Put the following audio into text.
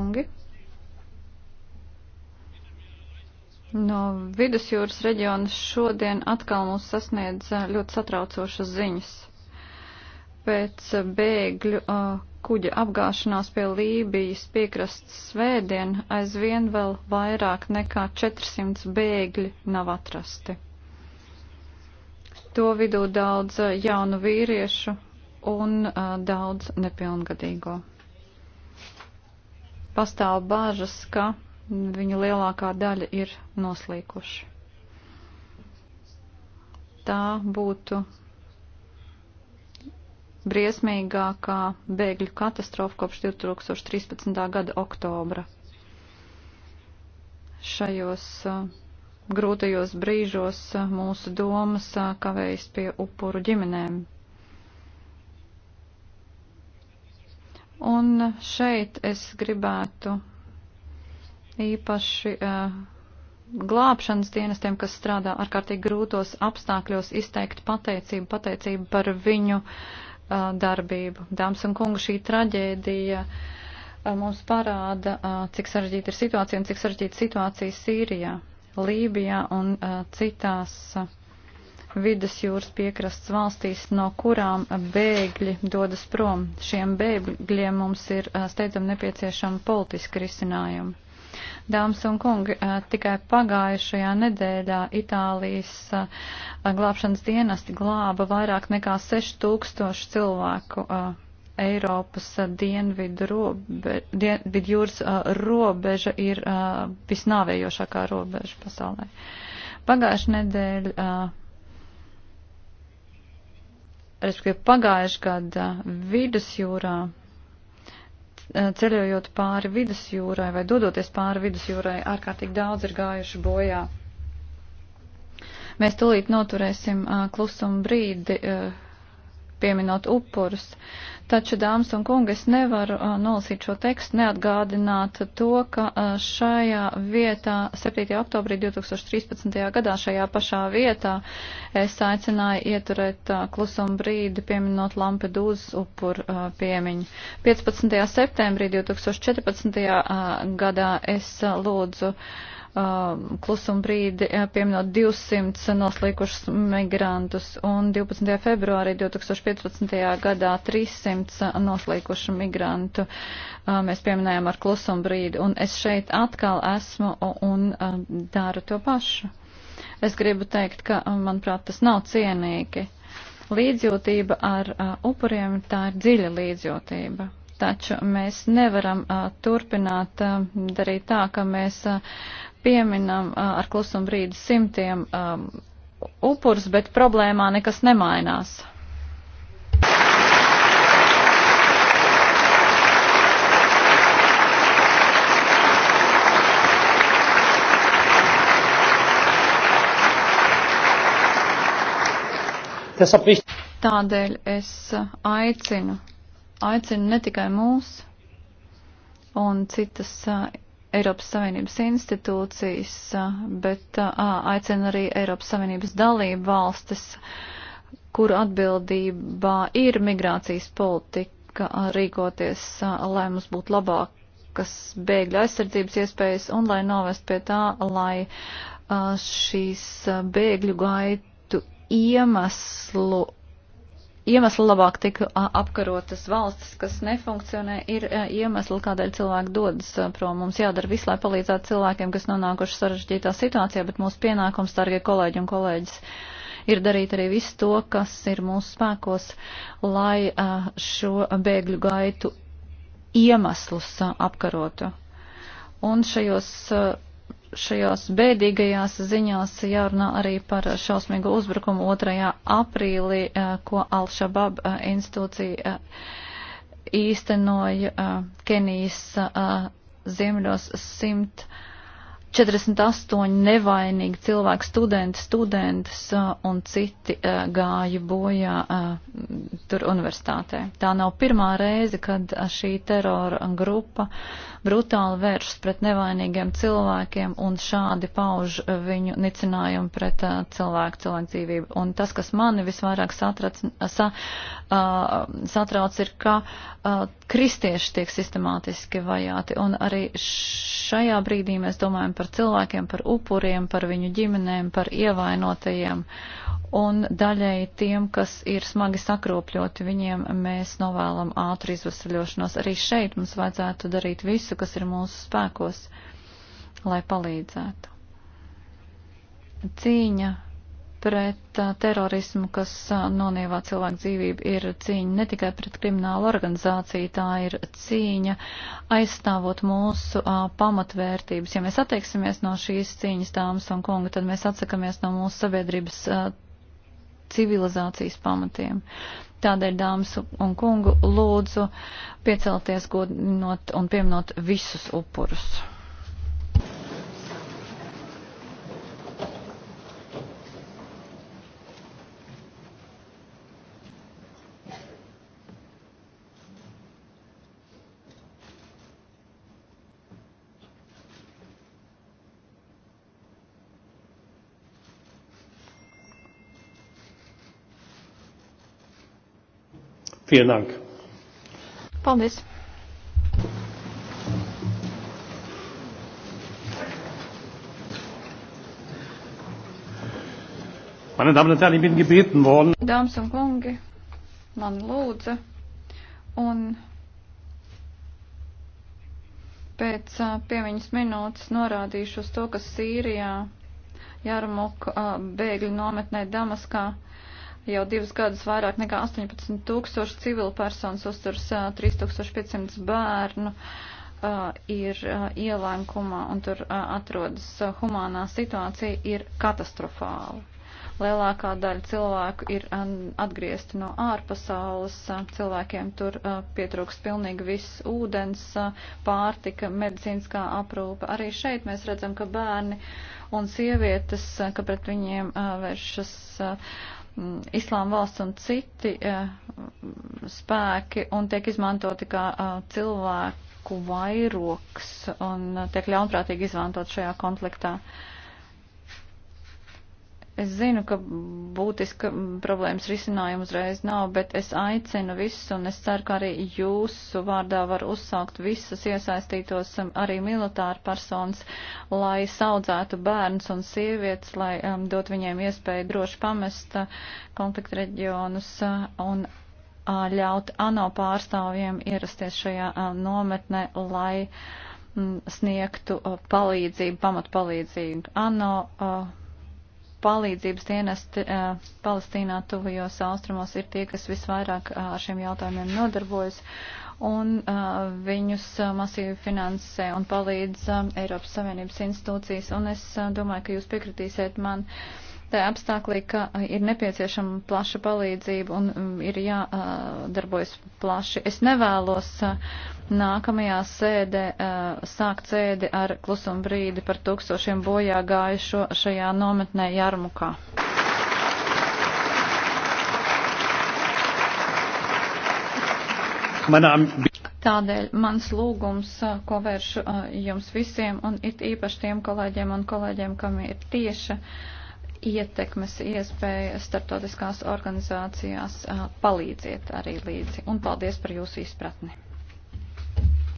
kungi. No vidusjūras reģiona šodien atkal mūs sasniedz eh, ļoti satraucošas ziņas. Pēc eh, bēgļu uh, kuģa apgāšanās pie Lībijas piekrastes svētdien aizvien vēl vairāk nekā 400 bēgļi nav atrasti. To vidū daudz jaunu vīriešu un uh, daudz nepilngadīgo pastāv bažas, ka viņu lielākā daļa ir noslīkuši. Tā būtu briesmīgākā bēgļu katastrofa kopš 2013. gada oktobra. Šajos uh, grūtajos brīžos mūsu domas kavējas pie upuru ģimenēm. Un šeit es gribētu īpaši uh, glābšanas dienestiem, kas strādā ārkārtīgi grūtos apstākļos, izteikt pateicību, pateicību par viņu uh, darbību. Dāmas un kungi, šī traģēdija uh, mums parāda, uh, cik sarežģīta ir situācija un cik sarežģīta situācija Sīrijā, Lībijā un uh, citās. Uh, vidas jūras piekrastes valstīs, no kurām bēgļi dodas prom. Šiem bēgļiem mums ir steidzam nepieciešama politiska risinājuma. Dāmas un kungi, tikai pagājušajā nedēļā Itālijas glābšanas dienesti glāba vairāk nekā 6000 cilvēku Eiropas dienvidu, robe, dienvidu jūras robeža ir visnāvējošākā robeža pasaulē. Pagājušajā nedēļā respektīvi pagājuši gada vidusjūrā, eh, ceļojot pāri vidusjūrai vai dodoties pāri vidusjūrai, ārkārtīgi daudz ir gājuši bojā. Mēs tūlīt noturēsim eh, klusumu brīdi. Uh, pieminot upurus. Taču, dāmas un kungi, es nevaru uh, nolasīt šo tekstu, neatgādināt to, ka uh, šajā vietā, 7. oktobrī 2013. gadā, šajā pašā vietā, es aicināju ieturēt uh, klusumu brīdi, pieminot Lampedūzas upuru uh, piemiņu. 15. septembrī 2014. Uh, gadā es uh, lūdzu. Uh, Um, klusuma brīdi uh, pieminot 200 noslīkušus migrantus un 12. februārī 2015. gadā 300 noslīkušu migrantu uh, mēs pieminējām ar klusuma brīdi un es šeit atkal esmu un uh, daru to pašu. Es gribu teikt, ka, manuprāt, tas nav cienīgi. Līdzjūtība ar upuriem tā ir dziļa līdzjūtība. Taču mēs nevaram uh, turpināt uh, darīt tā, ka mēs uh, pieminam uh, ar klusumu brīdi simtiem um, upurs, bet problēmā nekas nemainās. Tādēļ es aicinu aicina ne tikai mūs un citas Eiropas Savienības institūcijas, bet aicina arī Eiropas Savienības dalību valstis, kuru atbildībā ir migrācijas politika rīkoties, lai mums būtu labākas bēgļu aizsardzības iespējas un lai novest pie tā, lai šīs bēgļu gaitu iemeslu iemesli labāk tika apkarotas valstis, kas nefunkcionē, ir iemesli, kādēļ cilvēki dodas prom. Mums jādara viss, lai palīdzētu cilvēkiem, kas nonākuši sarežģītā situācijā, bet mūsu pienākums, dārgie kolēģi un kolēģis, ir darīt arī visu to, kas ir mūsu spēkos, lai šo bēgļu gaitu iemeslus apkarotu. Un šajos uh, šajās bēdīgajās ziņās jārunā arī par šausmīgu uzbrukumu 2. aprīlī, eh, ko Al-Shabaab eh, institūcija eh, īstenoja Kenijas ziemeļos simt. 100 48 nevainīgi cilvēki, studenti, studentas un citi gāja bojā tur universitātē. Tā nav pirmā reize, kad šī terora grupa brutāli vēršas pret nevainīgiem cilvēkiem un šādi pauž viņu nicinājumu pret cilvēku cilvēku dzīvību. Un tas, kas mani visvairāk satrac, sa, satrauc, ir, ka kristieši tiek sistemātiski vajāti un arī š Šajā brīdī mēs domājam par cilvēkiem, par upuriem, par viņu ģimenēm, par ievainotajiem un daļēji tiem, kas ir smagi sakropļoti, viņiem mēs novēlam ātru izvesaļošanos. Arī šeit mums vajadzētu darīt visu, kas ir mūsu spēkos, lai palīdzētu. Cīņa pret uh, terorismu, kas uh, nonievā cilvēku dzīvību, ir cīņa ne tikai pret kriminālu organizāciju, tā ir cīņa aizstāvot mūsu uh, pamatvērtības. Ja mēs attieksimies no šīs cīņas, dāmas un kungi, tad mēs atsakamies no mūsu sabiedrības civilizācijas pamatiem. Tādēļ, dāmas un kungu, lūdzu piecelties godinot un pieminot visus upurus. Vielen Dank. Paldies. Meine Damen und Herren, ich bin gebeten worden. Dāmas un kungi, man lūdza un pēc piemiņas minūtes norādīšu uz to, ka Sīrijā Jarmuk bēgļu nometnē Damaskā jau divus gadus vairāk nekā 18 tūkstoši civilu personas uzturs 3500 bērnu ir ielēnkumā un tur atrodas humānā situācija ir katastrofāla. Lielākā daļa cilvēku ir atgriezti no ārpasaules, cilvēkiem tur pietrūkst pilnīgi viss ūdens, pārtika, medicīniskā aprūpe. Arī šeit mēs redzam, ka bērni un sievietes, ka pret viņiem vēršas Islāma valsts un citi spēki un tiek izmantoti kā cilvēku vairoks un tiek ļaunprātīgi izmantot šajā konfliktā. Uh, Es zinu, ka būtiska problēmas risinājuma uzreiz nav, bet es aicinu visus un es ceru, ka arī jūsu vārdā var uzsākt visus iesaistītos um, arī militāru personas, lai saudzētu bērns un sievietes, lai um, dot viņiem iespēju droši pamest uh, konflikta reģionus uh, un uh, ļaut ANO pārstāvjiem ierasties šajā nometnē, lai mm, sniegtu palīdzību, pamatpalīdzību. ANO uh, palīdzības dienesti uh, Palestīnā tuvajos austrumos ir tie, kas visvairāk ar uh, šiem jautājumiem nodarbojas, un uh, viņus uh, masīvi finansē un palīdz uh, Eiropas Savienības institūcijas, un es uh, domāju, ka jūs piekritīsiet man. Uh, Tā apstākļi, ka uh, ir nepieciešama plaša palīdzība un um, ir jādarbojas uh, plaši. Es nevēlos uh, nākamajā sēdē sākt sēdi ar klusumu brīdi par tūkstošiem bojā gājušo šajā nometnē Jarmukā. manām. Tādēļ mans lūgums, ko vēršu jums visiem un it īpaši tiem kolēģiem un kolēģiem, kam ir tieša ietekmes iespēja starptautiskās organizācijās palīdziet arī līdzi. Un paldies par jūsu izpratni.